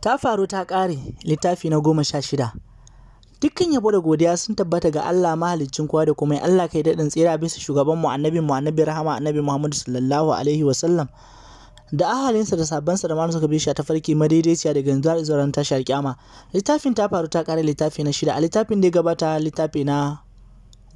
ta faru ta ƙare littafi na goma sha shida dukkan yabo da godiya sun tabbata ga Allah mahaliccin kowa da kuma Allah kai daɗin tsira bisa shugaban mu annabi mu annabi rahama annabi Muhammadu sallallahu alaihi wa sallam da ahalinsa da sabansa da mamu suka bi ta farki madaidaiciya da yanzu har zuwa tashar kyama littafin ta faru ta ƙare littafi na shida a littafin da ya gabata littafi na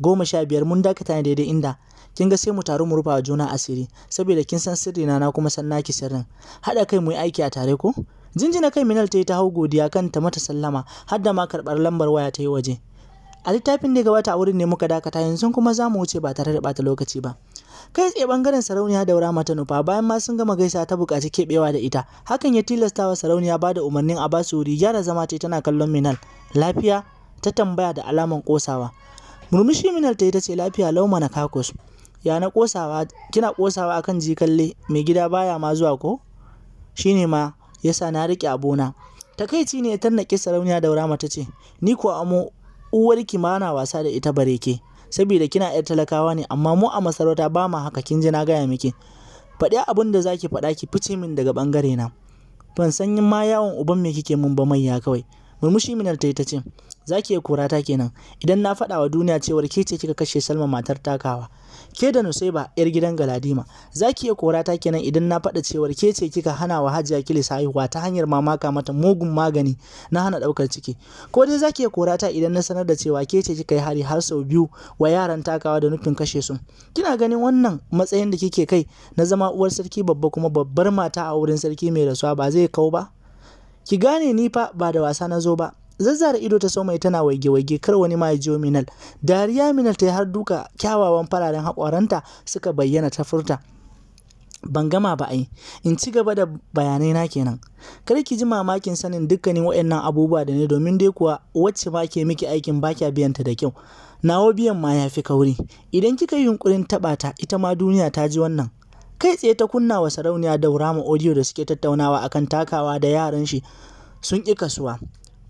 goma sha biyar mun dakata ne daidai inda kin ga sai mu taru mu rufa juna asiri saboda kin san sirri na na kuma san naki sirrin haɗa kai mu yi aiki a tare ko jinjina kai minal ta yi ta hau godiya kan ta mata sallama har da ma karɓar lambar waya ta yi waje a littafin da ya gabata a wurin ne muka dakata yanzu kuma za mu wuce ba tare da bata lokaci ba kai tsaye bangaren sarauniya daura mata nufa bayan ma sun gama gaisa ta buƙaci keɓewa da ita hakan ya tilastawa sarauniya ba da umarnin a basu wuri gyara zama ta tana kallon minal lafiya ta tambaya da alaman kosawa murmushi minal ta yi ta ce lafiya lauma na kakos ya na ƙosawa kina ƙosawa akan jikalle mai gida baya ma zuwa ko shine ma yasa na riƙe abona takaici ne ta nake sarauniya daura mata ce ni ko amo uwarki ma na wasa da ita bareke saboda kina yar talakawa ne amma mu a masarauta ba ma haka kin ji na gaya miki faɗi abin da zaki faɗa ki fice min daga ɓangare na ban san yin ma yawon uban me kike mun ba manya kawai murmushi minar ta ita ce za ki kura ta kenan idan na faɗa wa duniya cewar ke ce kika kashe salma matar takawa ke da Nusaiba yar gidan Galadima za ki iya korata kenan idan na faɗa cewar ke ce kika hana wa Hajiya Kilis haihuwa ta hanyar mamaka mata mugun magani na hana ɗaukar ciki ko dai za ki iya korata idan na sanar da cewa ke ce kika yi hari har sau biyu wa yaran takawa da nufin kashe su kina ganin wannan matsayin da kike kai na zama uwar sarki babba kuma babbar mata a wurin sarki mai rasuwa ba zai kau ba ki gane ni fa ba da wasa na zo ba zazzara ido ta somai tana waige-waige kar wani ma ya jiyo minal dariya minal ta yi har duka kyawawan fararen haƙoranta suka bayyana ta furta ban gama ba ai in ci gaba da bayanai na kenan kar ki ji mamakin sanin dukkanin waɗannan abubuwa da ne domin dai kuwa wacce ma ke miki aikin ba kya biyan ta da kyau nawa biyan ma ya fi kauri idan kika yi yunkurin taɓa ta ita ma duniya ta ji wannan kai tsaye ta kunna wa sarauniya daura ma audio da suke tattaunawa akan takawa da yaran shi sun ƙi kasuwa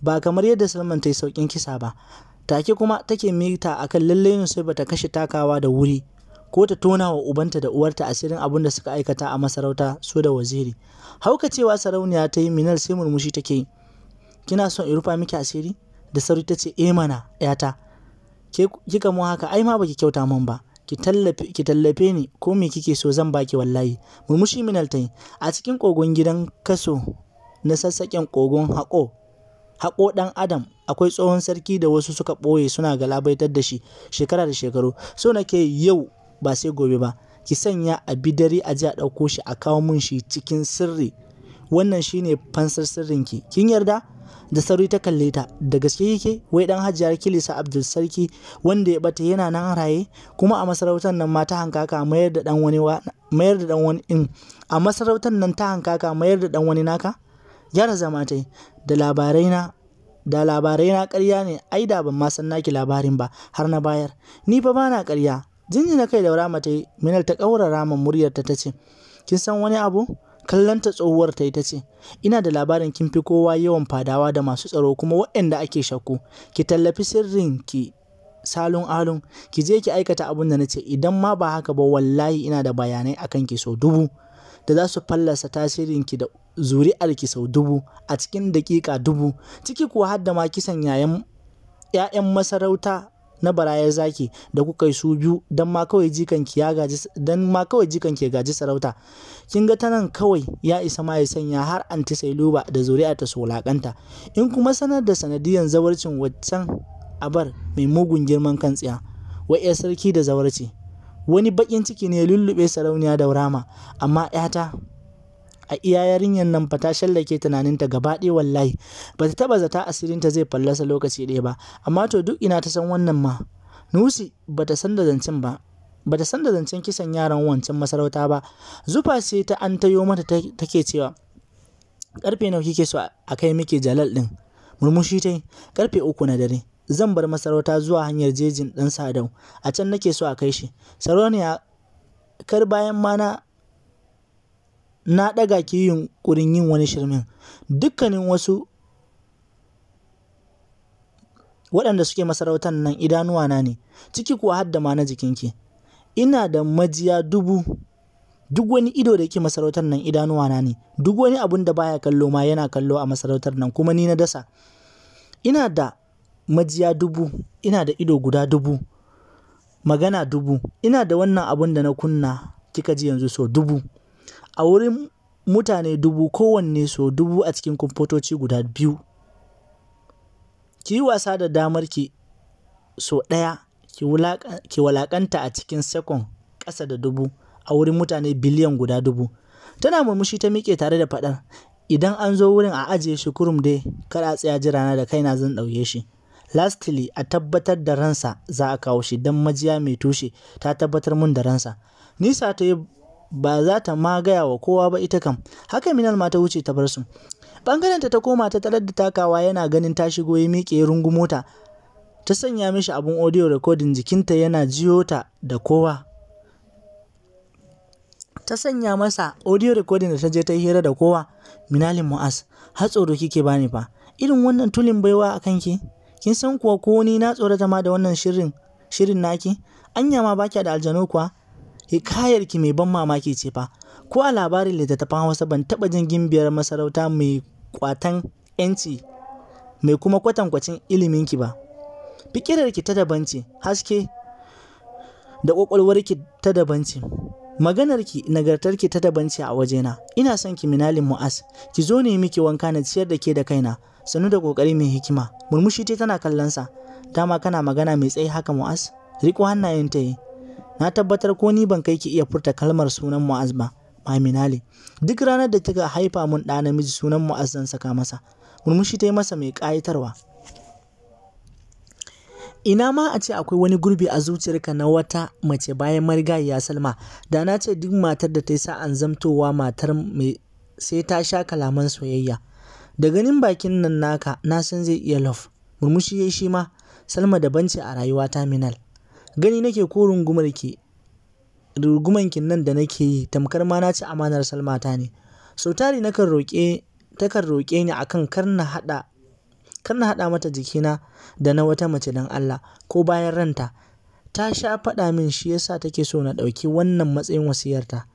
ba kamar yadda Salman ta yi saukin kisa ba take kuma take mita a akan lalle Yusuf bata kashe takawa da wuri ko ta tona wa ubanta da uwarta asirin abin da suka aikata a masarauta su da waziri hauka cewa sarauniya ta yi minar sai murmushi take yi kina son in rufa miki asiri da sauri ta ce eh mana yata kika mu haka ai ma baki kyauta min ba ki tallafe ni ko me kike so zan baki wallahi murmushi minal ta yi a cikin kogon gidan kaso na sassaƙen kogon haƙo haƙo ɗan adam akwai tsohon sarki da wasu suka ɓoye suna galabaitar da shi shekara da shekaru so nake yau ba sai gobe ba ki sanya a bidari a ji a ɗauko shi a kawo mun shi cikin sirri wannan shine fansar sirrinki kin yarda da sauri ta kalle ta da gaske yake wai dan hajjiyar kilisa abdul sarki wanda ya bata yana nan raye kuma a masarautar nan ma ta hankaka mayar da dan wani in mm, a masarautar nan ta hankaka mayar da dan wani naka Gyara zama ta yi. Da labarai na, da labarai na ƙarya ne ai da ban ma san naki labarin ba har na bayar. Ni fa ba na ƙarya. Jinjina kai Daurama ta yi. Minal ta ƙaurara ma muryar ta ce, kin san wani abu? Kallon tsohuwar ta yi ta ce, ina da labarin kin fi kowa yawan fadawa da masu tsaro kuma waɗanda ake shakku. Ki tallafi sirrin ki salon alun ki je ki aikata abin da na ce idan ma ba haka ba wallahi ina da bayanai akan ki so dubu da za su fallasa tasirinki da zuri'arki sau dubu a cikin daƙiƙa dubu ciki kuwa har ma kisan yayan masarauta na barayar zaki da kuka yi su biyu don ma kawai jikanki ya gaji don ma kawai jikanki ya gaji sarauta kin ga ta nan kawai ya isa ma ya sanya har anti sailuba da zuri'a ta sulakanta in kuma sanar da sanadiyan zawarcin waccan abar mai mugun girman kan tsiya wa sarki da zawarci wani bakin ciki ne ya lullube sarauniya da rama amma 'yata a iya yarinyar nan fa ta shallake tunaninta gaba ɗaya wallahi ba ta taba zata asirin ta zai fallasa lokaci ɗaya ba amma to duk ina ta san wannan ma nusi ba ta san da zancen ba ba ta san da zancen kisan yaran wancan masarauta ba zufa sai ta an tayo mata take cewa karfe nawa kike so a kai miki jalal din murmushi ta karfe uku na dare zan bar masarauta zuwa hanyar jejin ɗan sadau a can nake so a kai shi sarauniya kar bayan ma na na ɗaga ki yunƙurin yin wani shirmin dukkanin wasu waɗanda suke masarautar nan idanuwa na ne ciki kuwa hadda ma na jikinki ina da majiya dubu duk wani ido da yake masarautar nan idanuwa na ne duk wani abun da baya kallo ma yana kallo a masarautar nan kuma ni na dasa ina da majiya dubu, ina da ido guda dubu, magana dubu, ina da wannan abun da na kunna kika ji yanzu sau dubu. A wurin mutane dubu kowanne sau dubu a cikin kumfotoci guda biyu. Ki yi wasa da damar ki sau ɗaya, ki walakanta a cikin sekon ƙasa da dubu a wurin mutane biliyan guda dubu. Tana murmushi ta miƙe tare da faɗar, idan an zo wurin a ajiye shi kurum dai, kar a tsaya jirana da kaina zan ɗauke shi. Lastly, a tabbatar da ransa za a kawo shi don majiya mai tushe ta tabbatar mun da ransa. Nisa ta yi ba za ta ma gaya wa kowa ba ita kam, haka Minal ma ta wuce ta bar su. bangaren ta koma ta tarar da takawa yana ganin ta shigo ya miƙe ya rungumo ta. Ta sanya mishi abun audio recording jikinta yana jiyo ta da kowa. ta sanya masa audio recording da ta je ta hira da kowa minalin mu'as har tsoro kike bani fa irin wannan tulin baiwa a kanki Kin san kuwa ko ni na tsorata ma da wannan shirin shirin naki? Anya ma baki da aljanu kuwa? Hikayar ki mai ban mamaki ce fa. Ko a labarin littattafan wasa ban taba jin gimbiyar masarauta mai kwatan ‘yanci mai kuma kwatankwacin iliminki ba. Fikirarki ta daban ce, haske da ƙwaƙwalwarki ta daban ce. Maganarki, nagartarki ta daban ce a wajena. Ina son ki minalin mu'as, ki zo ne miki wanka na ciyar da ke da kaina. sannu da ƙoƙari mai hikima murmushi ta tana kallonsa dama kana magana mai tsayi haka mu'az riko hannayen ta yi na tabbatar ko ni ban kai ki iya furta kalmar sunan mu'az ba maminale duk ranar da kika haifa mun ɗa namiji sunan mu'az zan saka masa murmushi ta yi masa mai ƙayatarwa ina ma a ce akwai wani gurbi a zuciyarka na wata mace bayan marigayiya salma da na ce duk matar da ta yi sa'an zamtowa matar mai sai ta sha kalaman soyayya Da ganin bakin nan naka na san zai iya lof. Murmushi ya shi ma, Salma da Banci a rayuwa terminal. Gani nake ko rungumar ke, nan da nake yi tamkar ma na ci amanar Salma ta ne. Sau tari kan roƙe kan roƙe ni akan kar na haɗa kar na haɗa mata jikina da na wata mace don Allah ko bayan ranta. Ta sha faɗa min shi yasa take so na ɗauki wannan matsayin wasiyarta.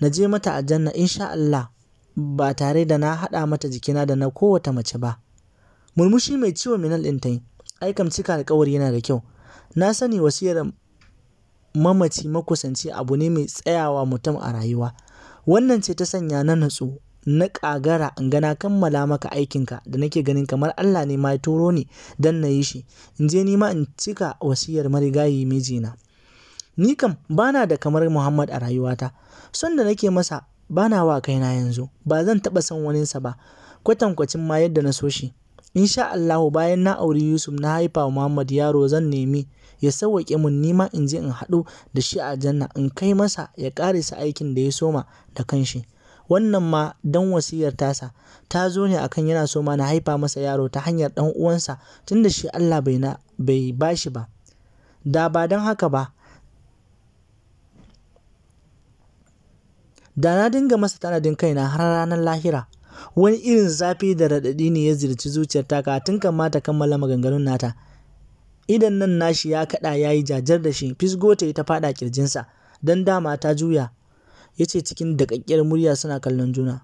Na je mata aljanna insha Allah ba tare da na haɗa mata jikina da na kowata mace ba. Murmushi mai ciwo minal ɗin ta yi, ai cika alkawari yana da kyau. Na sani wasiyar mamaci makusanci abu ne mai tsayawa mutum a rayuwa. Wannan ce ta sanya na natsu na ƙagara in gana kammala maka aikinka da nake ganin kamar Allah ne ma ya turo ni don na yi shi, in je nima in cika wasiyar marigayi mijina. Ni kam bana da kamar Muhammad a rayuwata, son da nake masa ba na wa kaina yanzu ba zan taɓa son waninsa ba kwatankwacin ma yadda na so shi insha Allahu bayan na auri Yusuf na haifa wa Muhammad yaro zan nemi ya sauwaƙe mun nima in je in haɗu da shi a janna in kai masa ya sa aikin da ya soma da kanshi wannan ma dan wasiyar tasa ta zo ne akan yana so ma na haifa masa yaro ta hanyar ɗan uwansa tunda shi Allah bai na bai bashi ba da ba don haka ba Da na dinga masa tanadin kai na har ranar lahira. Wani irin zafi da raɗaɗi ne ya zirci zuciyar takawa tun kan kammala maganganun nata. Idan nan nashi ya kaɗa ya yi jajar da shi, fisgo ta yi ta faɗa ƙirjinsa, don dama ta juya. Ya ce cikin daƙaƙƙiyar murya suna kallon juna.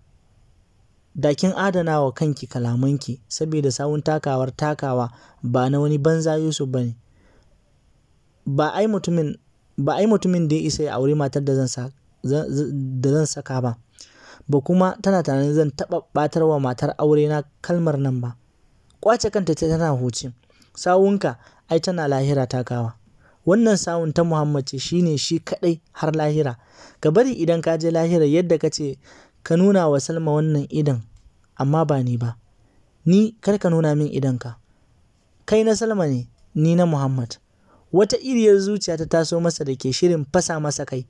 Da kin adana wa kanki kalamanki, saboda sawun takawar takawa ba na wani banza Yusuf ba ne. mutumin ba ai mutumin da ya isa ya auri matar da zan sa da zan saka ba ba kuma tana tunanin zan taɓa ɓatar wa matar na kalmar nan ba ƙwace kanta ta tana huce sawunka ai tana lahira ta kawa wannan sawun ta muhammad ce shine shi kaɗai har lahira ka bari idan ka je lahira yadda ka ce ka nuna wa salma wannan idan amma ba ni ba ni kar ka nuna min idan ka kai na salma ne ni na muhammad wata iriyar zuciya ta taso masa da ke shirin fasa masa kai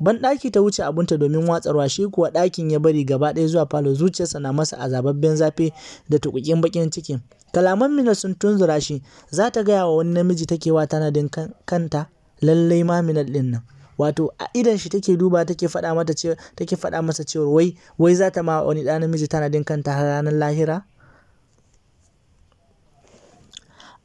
Banɗaki ta wuce abinta domin watsarwa, shi kuwa ɗakin ya bari gaba ɗaya zuwa falo, zuciyarsa na masa azababben zafi da tuƙuƙin baƙin ciki. Kalaman Minna sun tunzura shi, za ta gaya wa wani namiji take wa tanadin kanta lallai ma Minna ɗin nan. Wato a shi take duba take faɗa masa cewa wai, wai za ta ma wani ɗa namiji tanadin kanta har ranar lahira.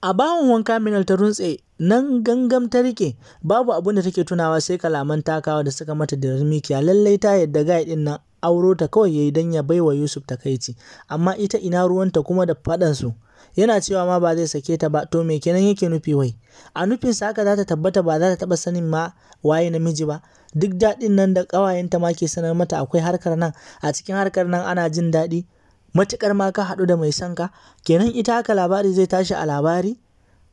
A bawon wanka Minal ta runtse nan gangam ta rike babu abin da take tunawa sai kalaman takawa da suka mata da mikiya lallai ta yadda gaya din nan auro ta kawai yayi dan ya baiwa Yusuf takaici, amma ita ina ruwanta kuma da su Yana cewa ma ba zai sake ta ba, to me kenan yake nufi wai? A nufinsa haka za ta tabbata ba za ta taba sanin ma waye namiji ba. Duk daɗin nan da ƙawayenta ma ke sanar mata akwai harkar nan, a cikin harkar nan ana jin daɗi, matuƙar ma ka haɗu da mai son ka kenan ita haka labari zai tashi a labari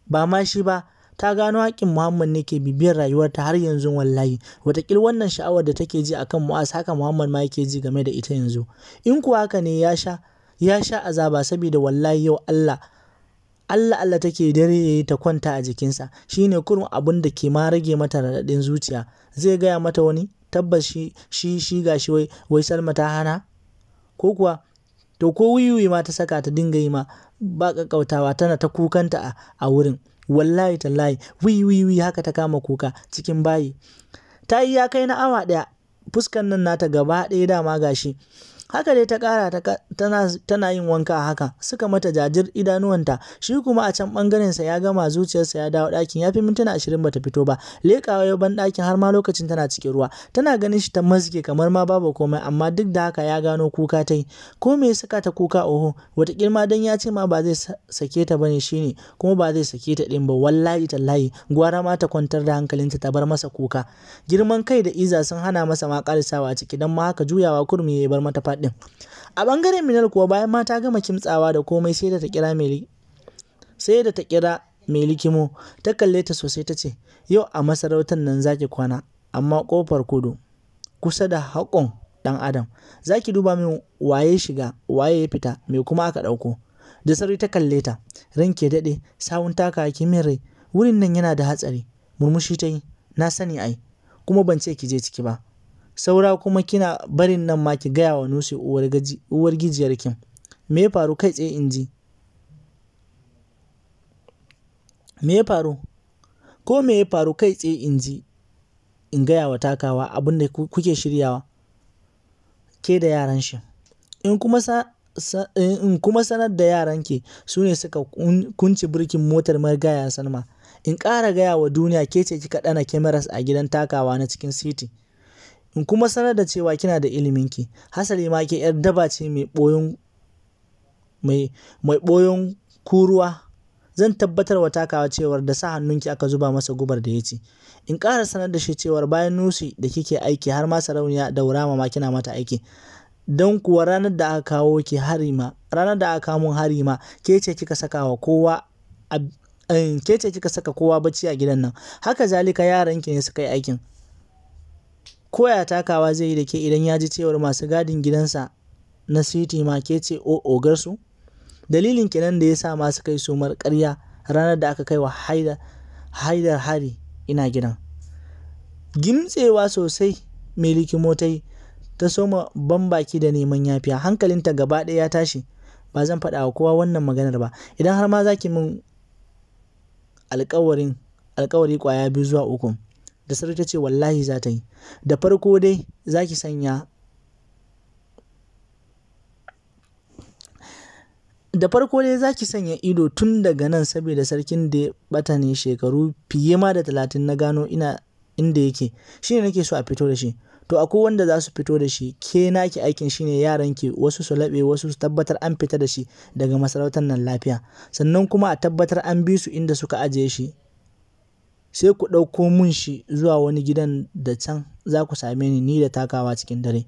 ba ma shi ba ta gano haƙƙin Muhammad ne ke bibiyar rayuwarta har yanzu wallahi kil wannan sha'awar da take ji akan Mu'az haka Muhammad ma yake ji game da ita yanzu in kuwa haka ne ya sha ya sha azaba saboda wallahi yau Allah Allah Allah take dare yayi ta kwanta a jikinsa shine kurun abun da ke ma rage mata raɗaɗin zuciya zai gaya mata wani tabbas shi shi shi gashi wai wai Salma ta hana ko kuwa to ko wiwi ma ta saka ta dinga yi ma ba ƙaƙƙautawa tana ta kukanta a wurin wallahi tallahi wiwiwi haka ta kama kuka cikin bayi ta yi ya kai na awa ɗaya fuskan nan nata gaba ɗaya dama gashi Haka dai ta ƙara tana yin wanka a haka, suka mata jajir idanuwanta, shi kuma a can ɓangarensa ya gama zuciyarsa ya dawo ɗakin ya fi mintuna ashirin bata fito ba, leƙawa ya ban ɗakin har ma lokacin tana cikin ruwa, tana ganin shi ta mazge kamar ma babu komai amma duk da haka ya gano kuka ta yi, ko me ya saka ta kuka oho, wata ma dan ya ce ma ba zai sake ta bane shine kuma ba zai sake ta ɗin ba wallahi tallahi gwara ma ta kwantar da hankalinta ta bar masa kuka. Girman kai da iza sun hana masa ma ƙarisawa ciki don ma haka juyawa kurmi ya bar mata faɗi din a ɓangaren minal kuwa bayan mata gama kimtsawa da komai sai da ta kira mai sai da ta kira mai likimo ta kalle ta sosai ta ce yau a masarautar nan zaki kwana amma kofar kudu kusa da haƙon ɗan adam zaki duba min waye shiga waye ya fita mai kuma aka ɗauko da sauri ta kalle ta ranke daɗe sawun taka ki min rai wurin nan yana da hatsari murmushi ta yi na sani ai kuma ban ce ki je ciki ba saura kuma kina barin nan ma ki gaya wa Nusi uwar kin Me ya faru kai tsaye in ji? Me ya faru? Ko me ya faru kai tsaye in ji in gaya wa takawa abin da kuke shiryawa ke da yaran shi. In kuma sa in kuma sanar da yaran su ne suka kunci birkin motar margaya sanma in ƙara gaya wa duniya ke ce kika ɗana cameras a gidan takawa na cikin city in kuma sanar da cewa kina da iliminki hasali ma ke yar daba ce mai boyon kuruwa zan tabbatar wa takawa cewar da sa hannunki aka zuba masa gubar da ya ci in ƙara sanar da shi cewar bayan nusi da kike aiki har ma sarauniya da wurama ma kina mata aiki don kuwa ranar da aka kawo ki hari ranar da aka kawo ke ce kika saka kowa eh, ke ce kika saka kowa bacci a gidan nan haka zalika yaran ki ne suka yi aikin koya takawa zai yi da ke idan ya ji cewar masu gadin gidansa na City ma ke ce oh, ogarsu? Dalilin kenan da ya sa masu kai su sumar karya ranar da aka kai wa Haidar hari ina gidan. Gimtsewa sosai Miliki Motai ta soma banbaki da neman yafiya, hankalinta gaba ɗaya ya tashi, ba zan faɗa wa kowa wannan maganar ba, idan har ma za ki min alkawari kwaya biyu zuwa uku. da sarki ta ce wallahi za ta yi da farko dai za ki sanya da farko dai za ki sanya ido tun daga nan saboda sarkin da ya bata ne shekaru fiye ma da talatin na gano ina inda yake shine ne nake so a fito da shi to akwai wanda za su fito da shi ke naki aikin shine yaran ki wasu su laɓe wasu su tabbatar an fita da shi daga masarautar nan lafiya sannan kuma a tabbatar an bi su inda suka ajiye shi sai ku ɗauko mun shi zuwa wani gidan da can za ku same ni ni da takawa cikin dare.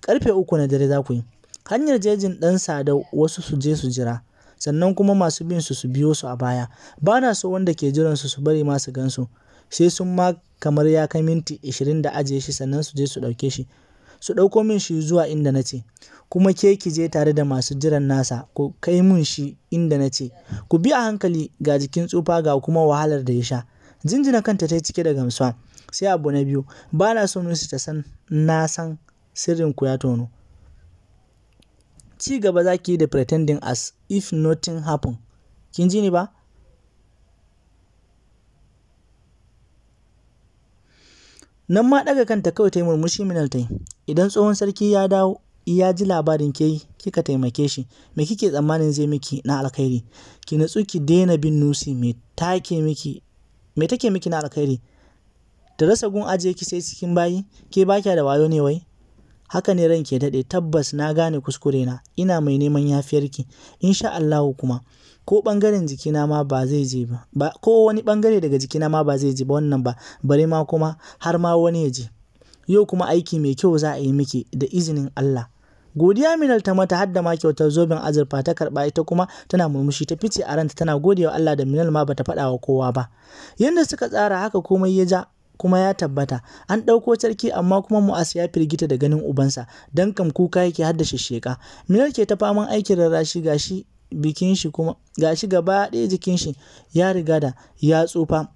karfe uku na dare za ku yi. Hanyar jejin ɗan sadau wasu su je su jira, sannan kuma masu bin su su biyo su a baya. Ba na so wanda ke jiran su su bari masu gansu gan su, sai sun ma kamar ya kai minti ashirin da ajiye shi sannan su je su ɗauke shi. Su ɗauko min shi zuwa inda na ce, kuma ke ki je tare da masu jiran nasa ku kai mun shi inda na ce. Ku bi a hankali ga jikin tsufa ga kuma wahalar da ya sha. jinjina kanta ta yi cike da gamsuwa sai abu na biyu ba na so nusi ta san na san sirrin ku ya tono ci gaba za ki yi da pretending as if nothing happen kin ji ni ba nan ma daga kanta kawai ta yi murmushi minaltai idan tsohon sarki ya dawo ya ji labarin ke kika taimake shi me kike tsammanin zai miki na alkhairi ki natsu ki daina bin nusi mai take miki me take miki na alkhairi ta rasa gun ajiye ki sai cikin bayi ke baki da wayo ne wai haka ne ran ke daɗe tabbas na gane kuskure na ina mai neman yafiyarki insha Allahu kuma ko bangaren jikina ma ba zai je ba ko wani bangare daga jikina ma ba zai je ba wannan ba bare ma kuma har ma wani ya je yau kuma aiki mai kyau za a yi miki da izinin Allah Godiya Minal ta mata hadda ma kyautar zobin azurfa ta karba ita kuma tana murmushi ta fice a ranta tana godewa Allah da Minal ma bata faɗa wa kowa ba. Yanda suka tsara haka komai ya ja kuma ya tabbata an ɗauko sarki amma kuma mu'as ya firgita da ganin ubansa dan kam kuka yake hadda sheka minal ke ta faman aikin rarrashi gashi bikin shi kuma gashi gaba ɗaya jikin shi ya riga da ya tsufa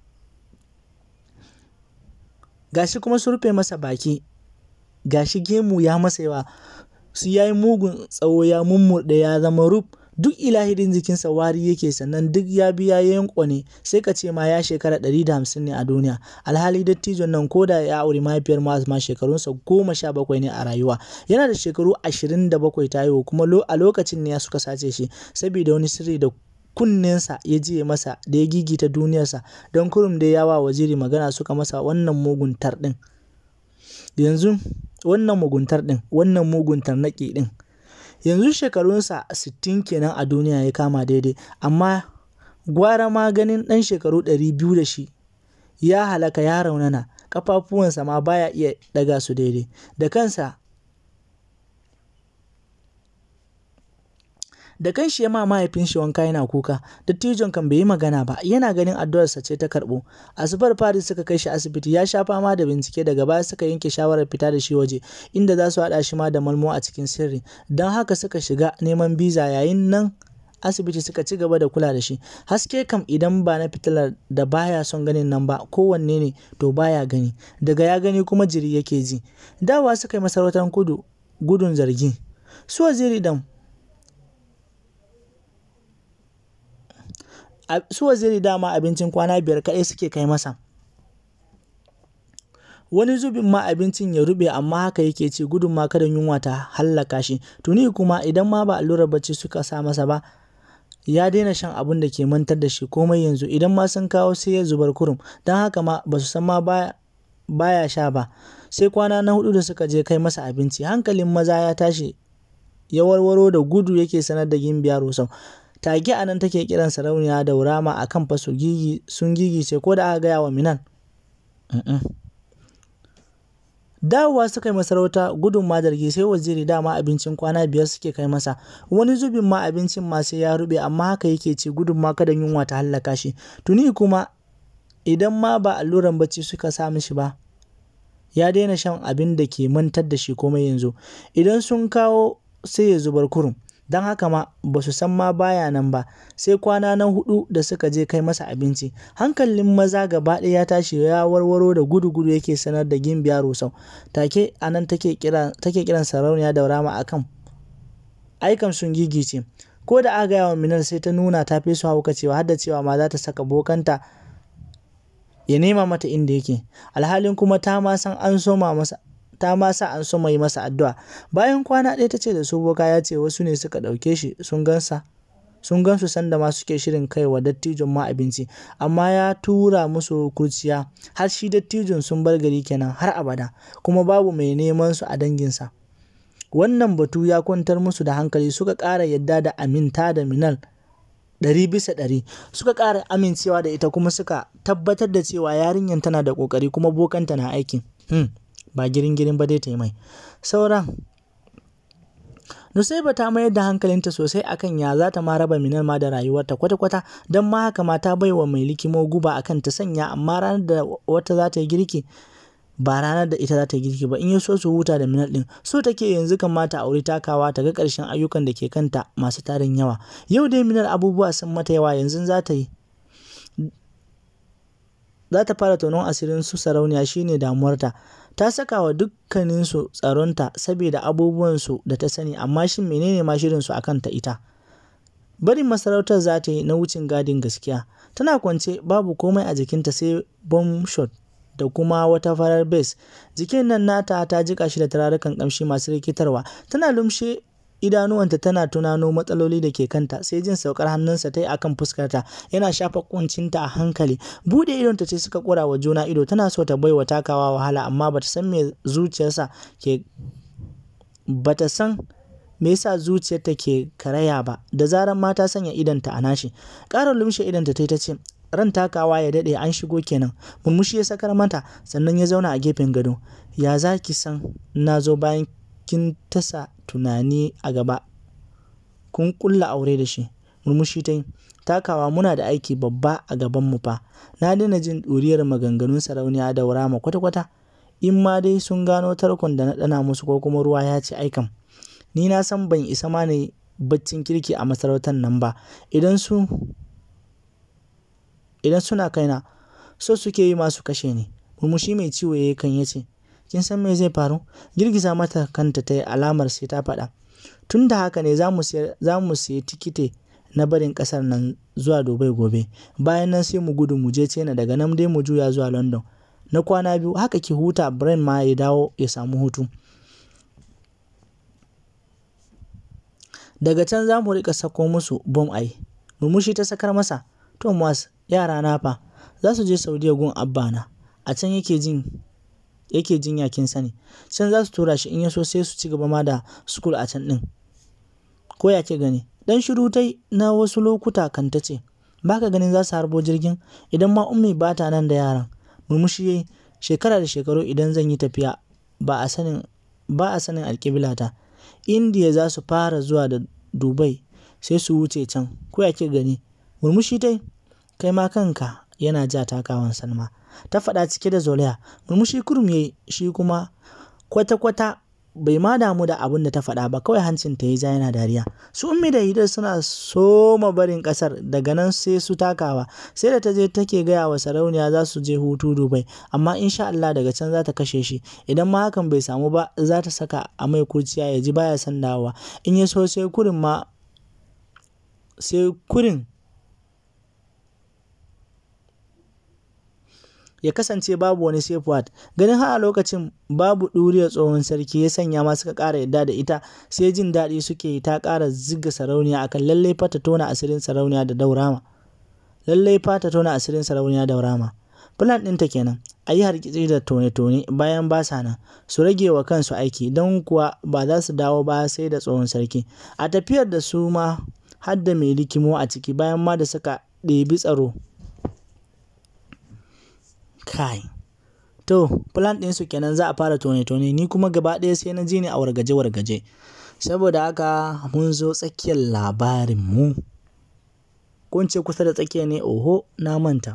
gashi kuma surfe masa baki gashi gemu ya masa yawa su ya yi mugun tsawo ya mummurɗe ya zama rub duk ilahirin jikinsa wari yake sannan duk ya biya ya yankwane sai ka ce ma ya shekara 150 ne a duniya alhali dattijon nan ko da ya auri mahaifiyar Mu'az ma shekarunsa goma sha bakwai ne a rayuwa yana da shekaru 27 ta yiwu kuma a lokacin ne ya suka sace shi saboda wani sirri da kunninsa ya ji ya masa da ya gigita duniyarsa don kurum da yawa waziri magana suka masa wannan mugun tarɗin. yanzu wannan muguntar ɗin wannan mugun tarnaƙi ɗin yanzu shekarunsa 60 kenan a duniya ya kama daidai amma gwara ma ɗan shekaru 200 da shi ya halaka ya raunana ƙafafuwansa ma baya iya ɗaga su daidai da kansa da kanshi ya ma mahaifin shi wanka yana kuka dattijon kan bai yi magana ba yana ganin addu'arsa ce ta karɓo asubar faris suka kai shi asibiti ya sha fama da bincike daga baya suka yanke shawarar fita da shi waje inda za su haɗa shi ma da malmo a cikin sirri don haka suka shiga neman biza yayin nan asibiti suka ci gaba da kula da shi haske kam idan ba na fitilar da baya son ganin nan ba kowanne ne to baya gani daga ya gani kuma jiri yake ji dawa suka yi masarautar kudu gudun zargi su waziri dam su waziri dama abincin kwana biyar kaɗai suke kai masa wani zubin ma abincin ya rube amma haka yake ce gudun ma kada yunwa ta hallaka shi tuni kuma idan ma ba allurar bacci suka sa masa ba ya daina shan abun da ke mantar da shi komai yanzu idan ma sun kawo sai ya zubar kurum don haka ma ba su san ma baya, sha ba sai kwana na hudu da suka je kai masa abinci hankalin maza ya tashi ya warwaro da gudu yake sanar da gimbiya rusau take a nan take kiran sarauniya da wurama a kan gigi sun gigice ko da aka gaya wa minan dawowa suka yi masarauta gudun ma dargi sai waziri dama abincin kwana biyar suke kai masa wani zubin ma abincin ma sai ya rube amma haka yake ce gudun ma kada yunwa ta hallaka shi tuni kuma idan ma ba alluran bacci suka sa mishi ba ya daina shan abin da ke mantar da shi komai yanzu idan sun kawo sai ya zubar kurum don haka ma ba su san ma baya nan ba sai kwana na hudu da suka je kai masa abinci hankalin maza gaba ɗaya ya tashi ya warwaro da gudu-gudu yake sanar da gimbiya rusau take a nan take kiran sarauniya da rama akan aikan sun gigice ko da aka gaya wa minar sai ta nuna ta fi su hauka cewa har da cewa ma za ta saka bokanta ya nema mata inda yake alhalin kuma ta ma san an soma masa ta ma sa an so mai masa addu'a bayan kwana ɗaya ta ce da su boka ya ce wasu ne suka ɗauke shi sun gansa sun gansu sanda ma suke shirin kai wa dattijon ma abinci amma ya tura musu kurciya har shi dattijon sun bar gari kenan har abada kuma babu mai neman su a danginsa wannan batu ya kwantar musu da hankali suka ƙara yadda da aminta da minal ɗari bisa ɗari suka ƙara amincewa da ita kuma suka tabbatar da cewa yarinyar tana da ƙoƙari kuma bokanta na aiki. hmm. ba girin girin ba dai ta yi mai sauran Nusaiba ta mayar da hankalinta sosai akan ya za ta ma raba minar ma da rayuwarta kwata-kwata don ma haka ma ta bai wa mai likimo guba akan ta sanya amma ranar da wata za ta yi girki ba ranar da ita za ta yi girki ba in ya so su huta da minar din so take yanzu mata a wuri takawa ta ga ƙarshen ayyukan da ke kanta masu tarin yawa yau dai minar abubuwa sun mata yawa yanzu za ta yi za ta fara tonon asirin su sarauniya shine damuwarta Ta saka wa dukkaninsu tsaronta saboda abubuwansu da ta sani amma shin menene ma shirinsu akan ta ita? Barin masarautar za ta yi na wucin gadin gaskiya. Tana kwance babu komai a jikinta sai bomb da kuma wata farar base. Jikin nan nata ta jika shi da turarukan kamshi masu rikitarwa. Tana lumshe idanuwanta tana tunano matsaloli da ke kanta sai jin saukar hannunsa ta yi a kan fuskarta yana shafa kuncinta a hankali bude idonta ce suka kura wa juna ido tana so ta baiwa takawa wahala amma bata san me zuciyarsa ke bata san me yasa zuciyarta ke karaya ba da zarar mata sanya idanta a nashi ƙara lumshe idanta ta ce ran takawa ya daɗe an shigo kenan murmushi ya sakar mata sannan ya zauna a gefen gado ya zaki san na zo bayan kin tasa tunani a gaba, kun ƙulla aure da shi. Murmushi ta yi, takawa muna da aiki babba a gaban mu fa, na daina jin ɗuriyar maganganun Sarauniya da ma kwata-kwata, in ma dai sun gano tarkon da na dana musu ko kuma ruwa ya ci aikan Ni na san ban isa ma ne baccin kirki a masarautar nan ba, idan su idan suna kaina, so suke yi ma su kashe ni. Murmushi mai ciwo ya kan ya ce, kin san me zai faru girgiza mata kanta ta yi alamar sai ta faɗa tun da haka ne za mu sayi tikiti na barin ƙasar nan zuwa dubai gobe bayan nan sai mu gudu mu je china daga nan dai mu juya zuwa london na kwana biyu haka ki huta brain ma ya dawo ya samu hutu daga can za mu riƙa sako musu bom ai murmushi ta sakar masa thomas yara na fa za su je saudiya gun abba na a can yake jin yake jinya kin sani can za su tura shi in ya so sai su ci gaba ma da school a can ɗin ko ya ke gani dan shiru tai na wasu lokuta kan ta ce ba ganin za su harbo jirgin idan ma ummi ba ta nan da yaran murmushi yayi shekara da shekaru idan zan yi tafiya ba a sanin ba a sanin alƙiblata indiya za su fara zuwa da dubai sai su wuce can ko ya ke gani murmushi tai kai ma kanka yana ja takawan salma ta faɗa cike da zolaya murmushi kurum yayi shi kuma kwata-kwata bai ma damu da abin da ta faɗa ba kawai hancin ta yi ja yana dariya su ummi da hidar suna soma barin ƙasar daga nan sai su takawa sai da ta je take gaya wa sarauniya za su je hutu dubai amma insha Allah daga can za ta kashe shi idan ma hakan bai samu ba za ta saka a mai kurciya ya ji baya son dawowa in ya so sai kurin ma sai kurin ya kasance babu wani safe ganin har a lokacin babu ɗuriyar tsohon sarki ya sanya ma suka ƙara yadda da ita sai jin daɗi suke ta ƙara ziga sarauniya a kan lallai fata tona asirin sarauniya da daurama lallai ta tona asirin sarauniya da daurama plan ɗinta kenan a yi hargitsi da tone-tone bayan ba sa nan su rage wa kansu aiki don kuwa ba za su dawo ba sai da tsohon sarki a tafiyar da su ma hadda mai likimo a ciki bayan ma da suka ɗebi tsaro Kai. To, plan ɗin su kenan za a fara tone-tone, ni kuma gaba ɗaya sai na ji ne a wargaje-wargaje. Saboda haka mun zo tsakiyar labarinmu. mu. Kun ce kusa da tsakiya ne? Oho, na manta.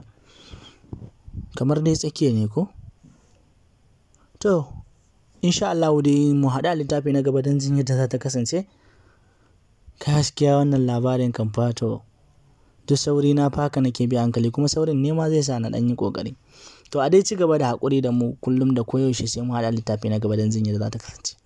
Kamar dai tsakiya ne ko? To, insha Allahu dai mu haɗu a littafi na gaba don jin yadda za ta kasance. Gaskiya wannan labarin kan fato. duk sauri na faka nake bi hankali kuma saurin nema zai sa na ɗan yi ƙoƙari. To a dai ci gaba da haƙuri da mu kullum da koyaushe sai mu haɗa littafi na gaba don jinyar za ta kasance.